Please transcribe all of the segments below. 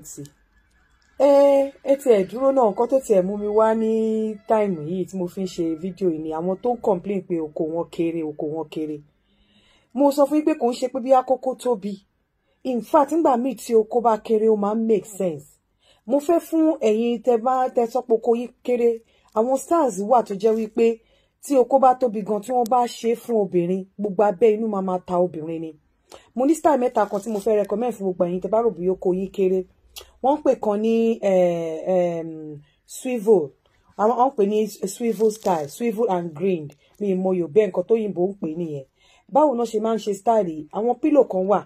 àǹtí ẹ ẹ ti ẹ dúró náà nǹkan tó ti ẹ mú mi wá ní táìmù yìí tí mo fi ń ṣe fídíò yìí ni àwọn tó ń complain pé oko wọn kéré oko wọn kéré mo sọ fún yín pé kò ń ṣe pé bí àkókò tóbi in fact nígbà míì tí oko bá kéré ó máa ń make sense mo fẹ́ fún ẹ̀yin tẹ bá tẹ sọ́pọ̀ oko yìí kéré àwọn stars wà tó jẹ́ wípé tí oko bá tóbi gan tí wọ́n bá ṣe fún obìnrin gbogbo abẹ́ inú máa ma ta obìnrin ni mo ní star mẹ́ta kan tí mo fẹ́ recommend fún gbogbo ẹ̀yin tẹ bá rò bí oko yìí kéré wọ́n ń pè kan ní eh, swivel àwọn wọ́n ń pè ní swivel style swivel and green mi ìmọ̀ yorùbá nǹkan tó yìnbó ń pè nìyẹn báwo náà ṣe máa ń ṣe style yìí àwọn pílò kan wà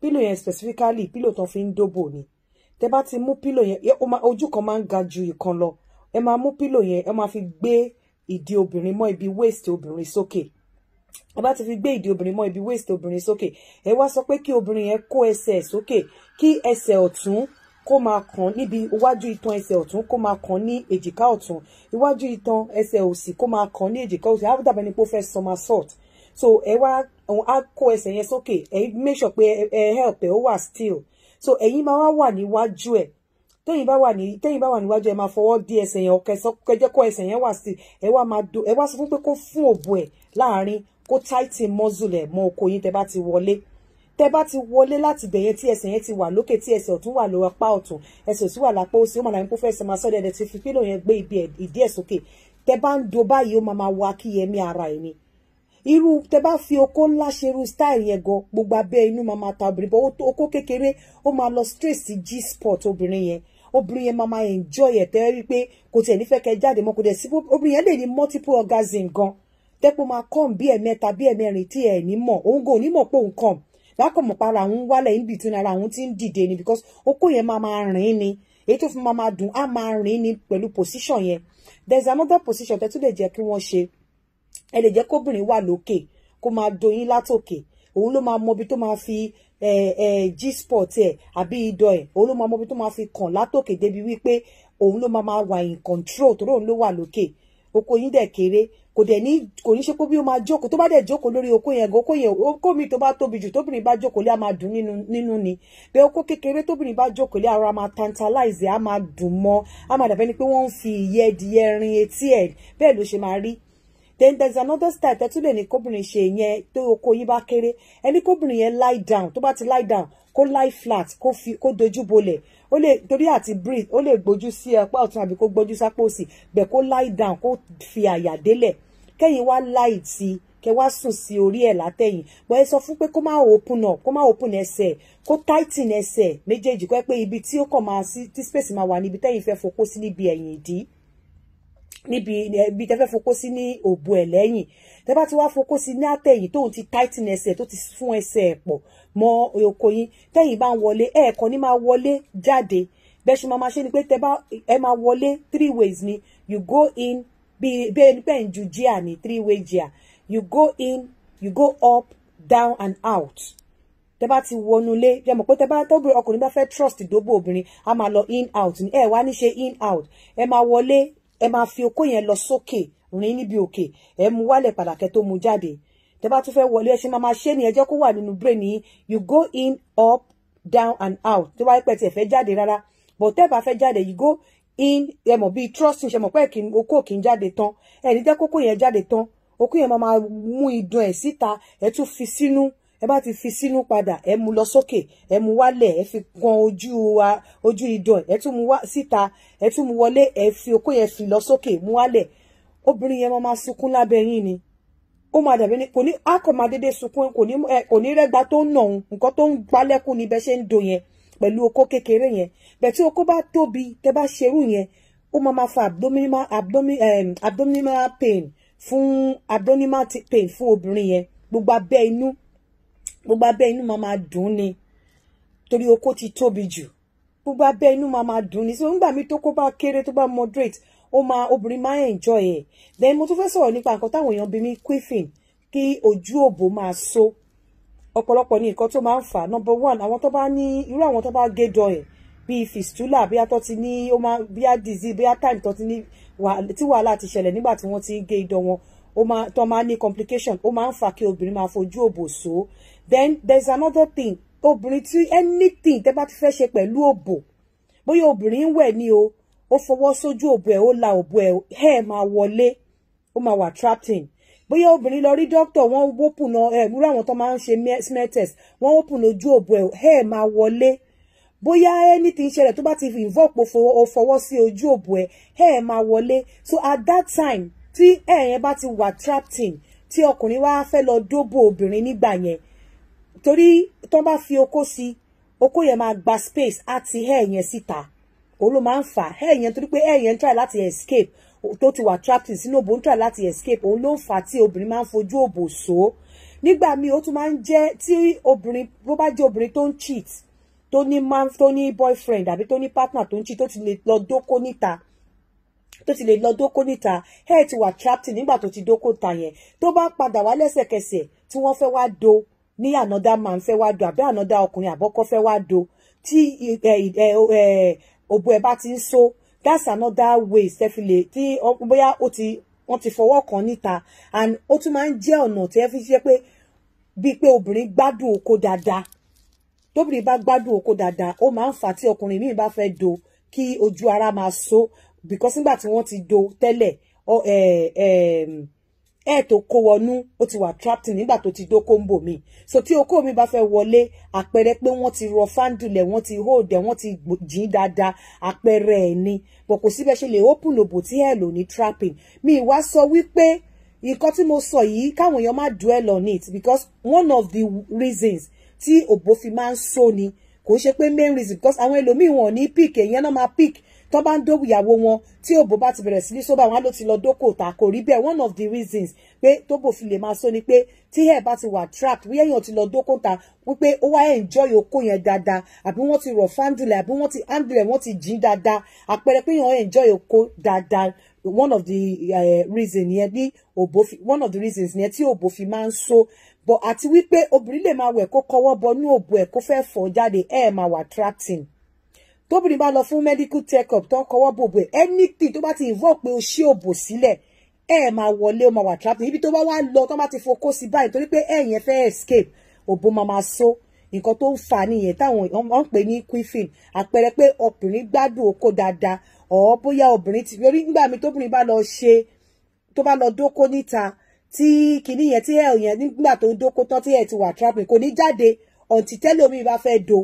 pílò yẹn specifically pillow tó fi ń dóbò ni tẹ bá ti mú pílò yẹn ojú kan máa ń ga ju ìkan lọ ẹ máa mú pílò yẹn ẹ máa fi gbé ìdí obìnrin mọ́ ibi waist obìnrin sókè ẹ bá ti fi gbé ìdí obìnrin mọ́ ibi waist obìnrin sókè ẹ wá sọ pé kí obìnrin yẹn kó ẹsẹ̀ sókè kí ẹsẹ̀ ọ̀tún kó máa kàn níbi iwájú itan ẹsẹ̀ ọ̀tún kó máa kàn ní èjìká ọ̀tún iwájú itan ẹsẹ̀ òsì kó máa kàn ní èjìká òsì ábúdà bẹni pé ó fẹ́ somersault so ẹ wá òun á kó ẹsẹ̀ yẹn sókè ẹ make sure pé ẹ help ẹ ó wà still so ẹ̀yin máa wá wà níwájú ẹ̀ tẹ́yìn bá wà ní tẹ́yìn bá wà níwájú ẹ máa fọwọ́ di ẹsẹ̀ yẹn ọ̀kẹ́ sọ kẹjẹ́ kó ẹsẹ̀ yẹn wà sí ẹ wá máa do ẹ wá sọ fún pé kó fún òbò ẹ̀ láàárín kó tight muscle ẹ̀ mọ́ okó yín bá ti wọlé tẹ́ bá ti wọlé láti bẹ̀yẹn tí ẹsẹ̀ yẹn ti wà lókè tí ẹsẹ̀ ọ̀tún wà lọ́wọ́ apá ọ̀tún ẹsẹ̀ òsì wà lápá òsì ó mà láyín pọ́fẹ́sẹ̀ máa sọ́dẹ̀ ẹ̀dẹ̀ ti fi pílò yẹn gbé ibi ìdí ẹ̀ sókè tẹ́ bá ń do báyìí ó máa máa wọ akíyẹmí ara ẹ̀ ni irú tẹ́ bá fi okó ńlá ṣerú style yẹn gan gbogbo abẹ́ inú máa máa ta obìnrin bọ́ okó kékeré ó máa lọ straight sí G spot obìnrin yẹn obìnrin yẹn máa máa enjoy ẹ̀ tẹ́ rí pé kò tiẹ̀ nífẹ̀ẹ́ kẹ́ jáde mọ́ kò dẹ̀ sí obìnrin yẹn lè ní multiple orgasm gan tẹ́pọ̀ máa come bí ẹ̀mẹ́ta bí ẹ̀mẹ́rin tí ẹ̀ ní mọ̀ òun gan ò ní mọ̀ pé òun come wàá kàn mọ̀ pa ara àwọn wálẹ̀ in between ara àwọn tí ń dìde ni because okó yẹn máa máa rìn ni èyí tó fi máa máa dùn á máa rìn ni pẹ̀lú position yẹn there is another position tẹ́tú lè jẹ́ kí wọ́n ṣe ẹ lè jẹ́ kóbìnrin wà lókè kó máa doyin látòkè òun ló máa mọbi tó máa fi g-spot ẹ̀ àbí idọ̀ ẹ̀ òun ló máa mọbi tó máa fi kàn látòkè débi wípé òun ló máa máa wà in control tó lóun ló wà lókè okó yín dẹ̀ kéré kò dẹ̀ ní kò ní ṣe pé bí ó máa jókòó tó bá dẹ̀ jókòó lórí okó yẹn okó yẹn okó mi tó bá tóbi jù tóbìnrin bá jókòó lé a máa dùn nínú ni bẹ́ẹ̀ okó kékeré tóbìnrin bá jókòó lé ara máa tantalize e, a máa dùn mọ́ a máa dàbẹ́ ni pé wọ́n ń fi ìyẹ́ ẹdìyẹ rin etí ẹ̀ bẹ́ẹ̀ ló ṣe máa rí then there is another style tẹ́tú lè ní kóbìnrin ṣe yẹn tó okó yín bá kéré ẹni kóbìnrin yẹn lie down tó bá ti lie down kó lie flat kó fi kó dojú bolẹ̀ ó lè torí àti breathe ó lè gbójú sí apá ọ̀tún àbí kó gbójú sápò òsì bẹ̀ kó lie down kó fi àyà délẹ̀ kẹ́yìn wá láìtì kẹ wá sùn sí orí ẹ̀ látẹ̀yìn bọ́ ẹ sọ fún pé kó má open up kó má open ẹsẹ̀ kó tighten ẹsẹ̀ méjèèjì kó ẹ pé ibi tí ó kàn máa sí tí space máa wà níbi tẹ́yìn fẹ́ fokó sí níbi ẹ̀yìn ìdí níbi ibi tẹ́ fẹ́ fokó sí ní òbò ẹ̀ lẹ́yìn tẹ́ bá ti wá fokó sí ní àtẹ̀yìn tóun ti tighten ẹsẹ̀ tó ti fún ẹsẹ̀ ẹ̀ pọ̀ mọ́ oko yín tẹ́yìn bá ń wọlé ẹ̀ẹ̀kan ní máa wọlé jáde bẹ́ẹ̀ ṣe máa máa ṣe ni pé tẹ́ bá ẹ máa wọlé three ways ni you go in benju jia ni three way jia you go in you go up down and out tẹ́ bá ti wọnú ilé jẹ́ mọ̀ pé tẹ́ bá tọ́bìnrin ọkùnrin bá fẹ́ trust dóbò obìnrin a máa lọ in out ní ẹ wá ní ṣe in out ẹ máa wọlé ẹ máa fi okó yẹn lọ sókè rìn níbi òkè ẹ mú wálẹ̀ pàdàkẹ́ tó mú jáde tẹ́ bá tún fẹ́ wọlé ẹ ṣe máa máa ṣe ni ẹ jẹ́ kó wà nínú brain yìí you go in up down and out tí wàá pẹ̀ tí ẹ fẹ́ jáde rárá but tẹ́ bá fẹ́ jáde you go in ẹ mọ̀ bíi trusting ṣe mọ̀ pé okó kì í jáde tán ẹni jẹ́ kókó yẹn jáde tán okó yẹn máa mú idun ẹ̀ síta ẹ tún fi sínú ẹ bá ti fi sínú padà ẹ mú lọ sókè ẹ mú wálẹ̀ ẹ fi kan ojú wa ojú idun ẹ tún mú wá síta ẹ tún mú wọlé ẹ fi okó yẹn fi lọ sókè mú wálẹ̀ obìnrin yẹn máa sunkún lábẹ́ yín ni ó máa dàbí kò ní akọ̀ máa dédé sunkún kò ní rẹ́gba tó ń nà òun nǹkan tó ń gbálẹ́kùn níbẹ̀ ṣe ń do yẹn pẹ̀lú okó kékeré yẹn bẹ̀ tí okó bá tóbi tẹ́ bá ṣerú yẹn ó máa máa fa abdominal abdominal um, abdominal pain fún abdominal pain fún obìnrin yẹn gbogbo abẹ́ inú gbogbo abẹ́ inú máa máa dùn ni torí okó ti tóbi jù gbogbo abẹ́ inú máa máa dùn ni so nígbà mi tó kó bá kéré tó bá moderate ó máa obìnrin máa enjoy ẹ̀ then mo tún fẹ́ sọ̀rọ̀ nípa nǹkan táwọn èèyàn bí mi quiffin kí ojú òbò máa so ọ̀pọ̀lọpọ̀ ní nǹkan tó máa ń fà number one àwọn tó bá ní irú àwọn tó bá gé dọ̀yìn bíi fistula bíi atọ́ ti ní ó máa bíi disease bíi time tó ti ní tí wàhálà ti ṣẹlẹ̀ nígbà tí wọ́n ti gé idọ̀ wọn ó máa tó máa ní complication ó máa ń fà kí obìnrin máa fojú òbò so then there is another thing obìnrin tí anything tẹ́ bá ti fẹ́ ṣe pẹ̀lú òbò bóyá obìnrin ń wẹ̀ ni o ó fọwọ́ sójú òbò ẹ̀ ó la òbò ẹ̀ hair máa wọlé ó máa wà trapping bóyá obìnrin lọ rí dókítà wọ́n wópùn náà ẹ̀ wúrà àwọn tó máa ń ṣe smear test wọ́n wópùn ojú òbò ẹ̀ ẹ̀ máa wọlé bóyá ẹni tí ń ṣẹlẹ̀ tó bá ti involve o fọwọ́ sí ojú òbò ẹ̀ ẹ̀ máa wọlé so at that time tí ẹ̀ yẹn bá ti wà trapped in tí ọkùnrin wá fẹ́ lọ dóbò obìnrin nígbà yẹn torí tó bá fi okó sí okó yẹn máa gba space àti ẹ̀ yẹn síta òun ló máa ń fà ẹ̀ torí pé ẹ̀ try láti escape tó ti wà trapped in, sínú òbò ń try láti escape òun ló ń fà á tí obìnrin máa ń fojú òbò so nígbà míì ó tún máa ń jẹ́ tí obìnrin bó bá jẹ́ obìnrin tó ń cheat tó ní man tó ní boyfriend àbí tó ní partner tó ń cheat tó ti lè lọ dóko níta tó ti lè lọ dóko níta ẹ̀ ti wà trapped nígbà tó ti dóko ta yẹn tó bá padà wá lẹ́sẹ̀kẹsẹ̀ tí wọ́n fẹ́ wá do ní ànádá máa ń fẹ́ wá do àbí ànádá ọkùnrin àbọ́kọ́ fẹ́ wá do tí òbò ẹ̀ bá ti ń so that's another way sẹ́fìlẹ̀ tí bóyá ó ti wọ́n ti fọwọ́ kan níta and ó tún máa ń jẹ́ ọ̀nà tí ẹ fi ṣe pé bíi pé obìnrin gbádùn oko dáadáa tóbìnrin bá gbádùn oko dáadáa o máa ń fà tí ọkùnrin míì bá fẹ́ do kí ojú ara máa so because nígbà tí ti do tẹ́lẹ̀ ẹ̀ tó kó wọnú ó ti wà trapped nígbà tó ti dóko ń bò mí so tí okó mi bá fẹ́ wọlé àpẹẹrẹ pé wọ́n ti rọ fáńdùlẹ̀ wọ́n ti hold ẹ̀ wọ́n ti jìn dáadáa àpẹẹrẹ ẹ̀ ni bọ̀ kò síbẹ̀ ṣe lè open òbò tí ẹ̀ lò ní trapping mi ìwá sọ wípé nǹkan tí mo sọ yìí káwọn èèyàn má dwell on it because one of the reasons tí òbò fi máa ń so ni kò ṣe pé main reason because àwọn ẹlòmíì wọn ò ní pick èèyàn náà máa pick tó bá ń dó ìyàwó wọn tí òbó bá ti bẹ̀rẹ̀ sí ní sóbà wọn á ló ti lọ dókò tà rí bẹ́ẹ̀ one of the reasons pé tóbò fi lè máa sọ ni pé tí ẹ̀ bá ti wà trapped wíyẹn èèyàn ti lọ dókò ta wípé ó wá enjoy oko yẹn dáadáa àbí wọ́n ti rọ̀ fándìlẹ̀ àbí wọ́n ti handle wọ́n ti jìn dáadáa àpẹẹrẹ pé èèyàn enjoy okó dáadáa one of the uh, eh, reasons yẹn ní òbó fi one of the reasons yẹn tí òbó fi máa ń so but àti wípé obìnrin lè máa wẹ̀ kó kọwọ́ bọ ní òbó ẹ̀ kó fẹ́ fọ́ jáde ẹ̀ máa wà attracting tóbìnrin bá lọ fún medical check up tó ń kọwọ́ bòbò ẹ̀ anything tó bá ti involve pé o ṣí òbò sílẹ̀ ẹ̀ máa wọlé o máa wà trapped ibi tó bá wá lọ tó bá ti fokó sí báyìí torí pé ẹ̀ yẹn fẹ́ escape òbò máa máa so nǹkan tó ń fà nìyẹn táwọn ọ̀n pè ní quiffin àpẹẹrẹ pé ọkùnrin gbádùn okó dáadáa ọ̀ bóyá obìnrin ti lórí nígbà mi tóbìnrin bá lọ ṣe tó bá lọ dóko níta tí kinní yẹn tí ẹ̀ yẹn nígbà tó ń dóko tán tí ẹ̀ ti wà trapped kò ní jáde ọ̀ǹtí tẹ́lẹ̀ omi bá fẹ́ do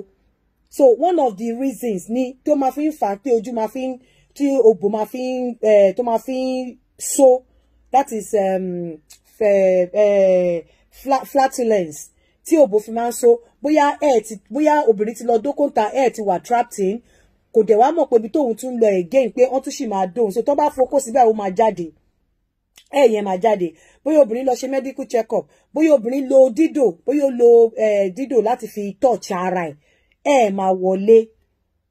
so one of the reasons ni tó máa fi ń fà á pé ojú fi ń tí òbò máa fi ń eh, tó máa fi ń so that is um, fe, eh, flat, flatulence tí òbò fi máa ń so bóyá ẹ ti bóyá obìnrin ti lọ dókòǹta ẹ ti wà trapped in kò dẹ̀ wá mọ̀ pé ibi tóun tún lọ again pé wọ́n tún sì máa dóun so tó bá fokó síbẹ̀ ó máa jáde ẹ yẹn máa jáde bóyá obìnrin lọ ṣe medical check up bóyá obìnrin lo dídò bóyá ó lo eh, dídò láti fi touch ara ẹ̀ ẹ máa wọlé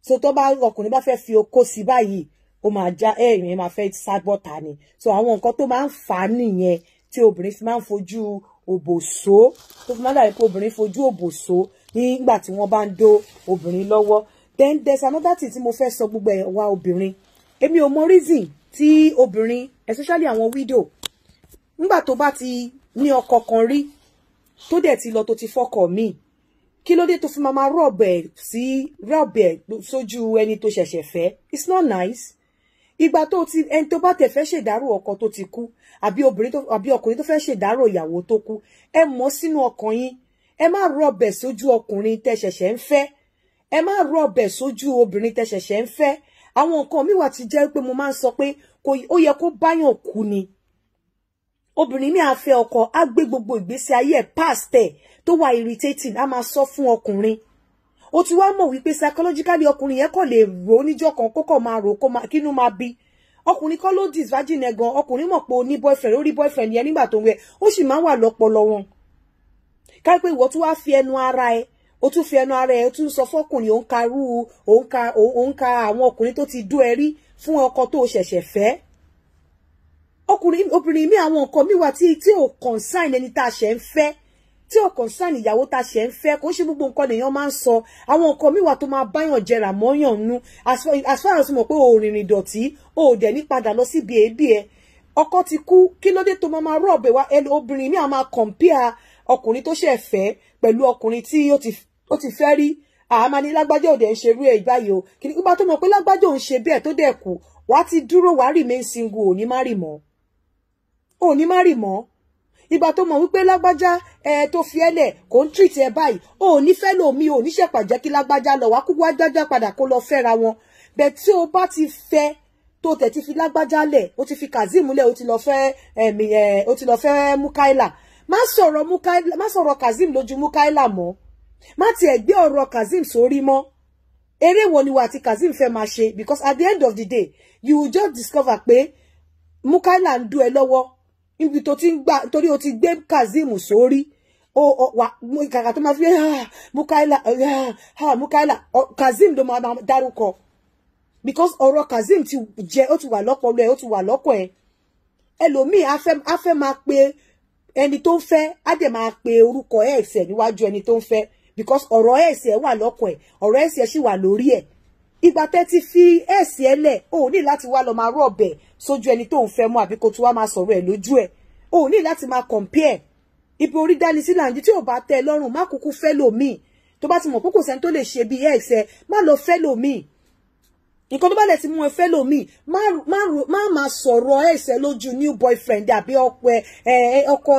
so tó bá ọkùnrin bá fẹ́ fi okó sí báyìí ó máa já ẹ ìyẹn máa fẹ́ ságbọ́ta ni so àwọn nǹkan tó máa ń fà á nìyẹn tí obìnrin fi máa ń fojú òbòsó tó fi máa dàbí pé obìnrin fojú òbòsó nígbà tí wọ́n bá ń dó obìnrin lọ́wọ́ then there's another thing tí mo fẹ́ sọ gbogbo ẹ̀ wá obìnrin èmi ò mọ reason tí obìnrin especially àwọn widow nígbà tó bá ti ní ọkọ kan rí tó dẹ̀ ti lọ tó ti fọkọ míì kí ló dé tó fi máa máa rọ̀bù ẹ̀ sí rọ̀bù ẹ̀ sójú ẹni tó ṣẹ̀ṣẹ̀ fẹ́ it's not nice ìgbà tó ti ẹni tó bá tẹ̀ fẹ́ ṣèdárò ọkọ tó ti kú àbí obìnrin tó àbí ọkùnrin tó fẹ́ ṣèdárò ìyàwó tó kú ẹ mọ̀ sínú ọkàn yín ẹ má rọ̀bù ẹ̀ sójú ọkùnrin tẹ́ ṣẹ̀ṣẹ̀ ń fẹ́ ẹ má rọ̀bù ẹ̀ sójú obìnrin tẹ́ ṣẹ̀ṣẹ̀ ń fẹ́ àwọn nǹkan mi wà ti jẹ́ pé mo máa ń sọ pé ó yẹ kó báyàn kú ni obìnrin mi á fẹ́ ọkọ á gbé gbogbo ìgbésí ayé ẹ̀ past ẹ̀ tó wà irritating á máa sọ fún ọkùnrin o ti wá mọ̀ wípé psychologically ọkùnrin yẹn kàn lè rò níjọ́ kan kó kàn máa rò kó máa kínú máa bí ọkùnrin kọ́ ló dis virgin ẹ̀ gan ọkùnrin mọ̀ pé ó ní boyfriend ó boyfriend yẹn nígbà tó ń wẹ̀ ó sì máa ń wà lọ́pọlọ wọn kárí pé ìwọ tún wá fi ẹnu ara ẹ o tún fi ẹnu ara ẹ o tún sọ fọkùnrin òun ka rú òun ka òun ka àwọn ọkùnrin tó ti dú ẹ rí fún ọkọ tó ṣẹ̀ṣẹ̀ fẹ́ ọkùnrin obìnrin mi àwọn nǹkan mi wà tí tí ò concern ẹni tá a ṣẹ̀ ń fẹ́ tí ò concern ìyàwó tá a ṣẹ̀ ń fẹ́ kò ń ṣe gbogbo nǹkan lèèyàn máa ń sọ àwọn nǹkan mi wà tó máa báyàn jẹrà mọ́yàn nu as far as mo pé òrìnrìn dọ̀tí ò dẹ̀ ní padà lọ síbi èébì ẹ ọkọ ti kú kí ló dé tó máa máa rọ̀bẹ̀ wá ẹni obìnrin mi à máa compare ọkùnrin tó ṣẹ̀ fẹ́ pẹ̀lú ọkùnrin tí ó ti fẹ́ rí àmà ní lágbájá òde ń ṣerú ẹ̀ báyìí o kí ni gbogbo àtọmọ pé lágbájá òun ṣe bẹ́ẹ̀ tó dẹ̀ kù wàá ti dúró wàá remain single ò ní má rì mọ́ ò ní má rì mọ́ ìgbà tó mọ̀ wípé lágbájá ẹ tó fi ẹ lẹ̀ kò ń tìrìtì ẹ báyìí ò ní fẹ́ lòmí ò ní ṣèpàjẹ́ kí lágbájá lọ wá kúkú wájájá padà kó lọ fẹ́ra wọn bẹ́ẹ̀ tí o bá ti fẹ́ tó tẹ̀ ti fi lágbájá lẹ̀ o ti fi kazeem lẹ̀ o ti lọ fẹ́ mukaila má sọ̀rọ̀ mukaila má sọ̀rọ̀ kazeem lójú mukaila mọ́ má tiẹ̀ gbé ọ̀rọ̀ kazeem sórí mọ́ eré wo ni wà tí kazeem fẹ́ máa ṣe because at the end of the day you will just discover pé mukaila ń dú ẹ lọ́wọ́ níbi tó ti ń gbà torí o ti gbé Kazeem sórí o o wà kàkà tó máa fi ah, Mukaila ah, ah, Mukaila Kazeem ló máa dárúkọ because ọ̀rọ̀ Kazeem ti jẹ ó ti wà lọ́pọlọ ẹ̀ ó ti wà lọ́kọ̀ ẹ̀ ẹlòmíì á fẹ́ máa pe ẹni tó ń fẹ́ á dẹ̀ máa pe orúkọ ẹ̀ ẹ̀sẹ̀ níwájú ẹni tó ń fẹ́ because ọ̀rọ̀ ẹ̀sẹ̀ wà lọ́kọ̀ ẹ̀ ọ̀rọ̀ ẹ̀sẹ̀ sì wà lórí ẹ̀ ìgbà tẹ́ ti fi ẹ̀sì ẹ lẹ̀ o ò ní láti wá lọ máa rọ̀ ọ̀bẹ sójú ẹni tó ń fẹ́ mú àbí kó tó wá máa sọ̀rọ̀ ẹ̀ lójú ẹ̀ o ò ní láti máa compare ibi orí dání sí làǹdí tí ò bá tẹ́ lọ́rùn má kúkú fẹ́ lòmíì tó bá ti mọ̀ pé kò sẹ́ni tó lè ṣe bí ẹ̀ ṣe má lọ fẹ́ lòmíì nǹkan tó bá lẹ̀ ti mú ẹ fẹ́ lòmíì má máa sọ̀rọ̀ ẹ̀ ṣe lójú new boyfriend àbí ọkọ ẹ ọkọ